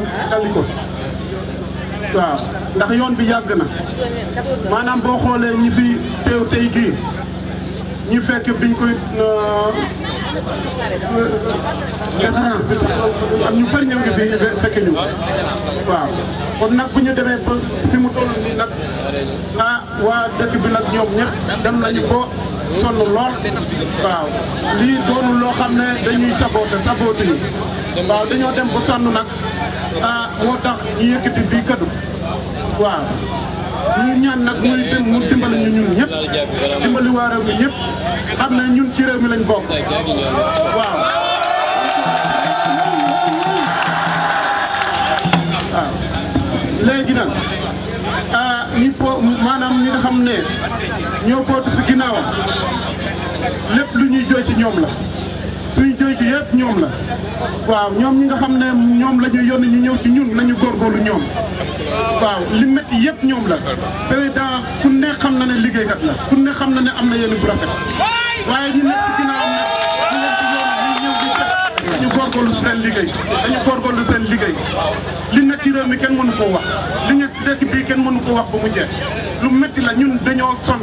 ma sànni ko waaw ndax yoon bi yàgg na maanaam boo xoolee ñi fi teew tey gii ñi fekk biñ koy euh, ñu bëri ñëw ngi kon nag bu ñu demee ba fi mu toll nii nag ah waa dëkk bi nag ñoom ñëpp dem nañu ko sonn lool waaw lii doonul loo xam ne dañuy saboté saboté waaw dañoo dem ba sonn nag ah moo tax ñu yëkkati bii kaddu waaw ñu ñaan nag muy mu dimbali ñu ñun ñëpp dimbali waa réew mi ñëpp xam ne ñun ci réew mi lañ bokk waaw. waaw ah. léegi nag ah maanaam ñi nga bootu si ginnaawam lépp lu ñuy jooy ci ñoom la. suñu jooytu yëpp ñoom la waaw ñoom ñi nga xam ne ñoom la ñu yónni ñu ñëw ci ñun nañu góorgóorlu ñoom waaw li métti yëpp ñoom la président ku ne xam na ne liggéey la ku ne xam na ne am na yéen bu rafet waaye ñu nekk ci ginnaaw dañu góorgóorlu seen liggéey dañu góorgóorlu seen liggéey li nekk ci réew mi kenn mënu koo wax li nekk ci dëkk bii kenn mënu koo wax ba mu jeex lu métti la ñun dañoo sonn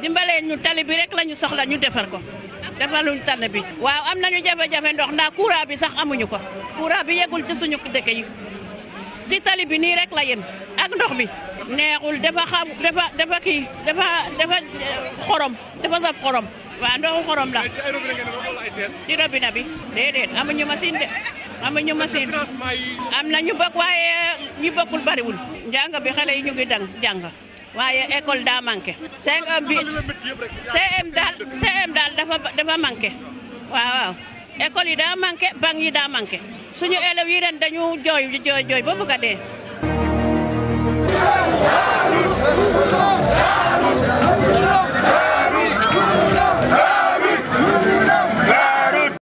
Din ñu tali bi rek lañu soxla ñu defar ko defaluñ tan bi waaw am nañu jafé jafé ndox na courant bi sax amuñu ko courant bi yegul ci suñu dëkk yi ci tali bi ni rek la yem ak ndox bi neexul dafa xam dafa dafa ki dafa dafa xorom dafa sa xorom wa ndox xorom la ci robinet bi déedéet amuñu machine de amuñu machine am nañu bok waye ñu bokul bari wul jang bi xalé yi ñu ngi dang jang waaye école daa manqué CM bi CM daal CM daal dafa dafa manqué waaw waaw yi daa manqué banc yi daa manqué suñu élèves yi ren dañu jooy jooy jooy ba bëgg a dee